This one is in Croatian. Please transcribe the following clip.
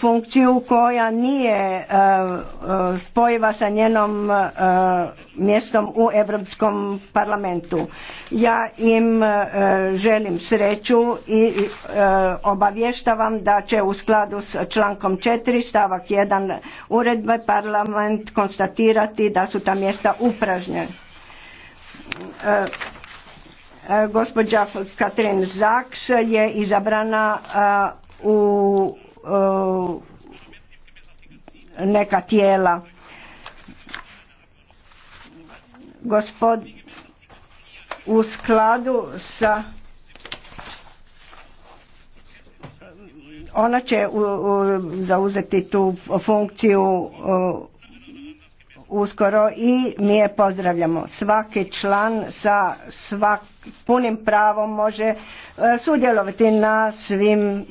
funkciju koja nije e, e, spojiva sa njenom e, mjestom u Europskom parlamentu. Ja im želim sreću i obavještavam da će u skladu s člankom 4 stavak 1 uredbe parlament konstatirati da su ta mjesta upražnjena. Gospođa Katrin Zaks je izabrana u neka tijela. Gospod, u skladu sa ona će zauzeti tu funkciju uskoro i mi je pozdravljamo. Svaki član sa svak, punim pravom može e, sudjelovati na svim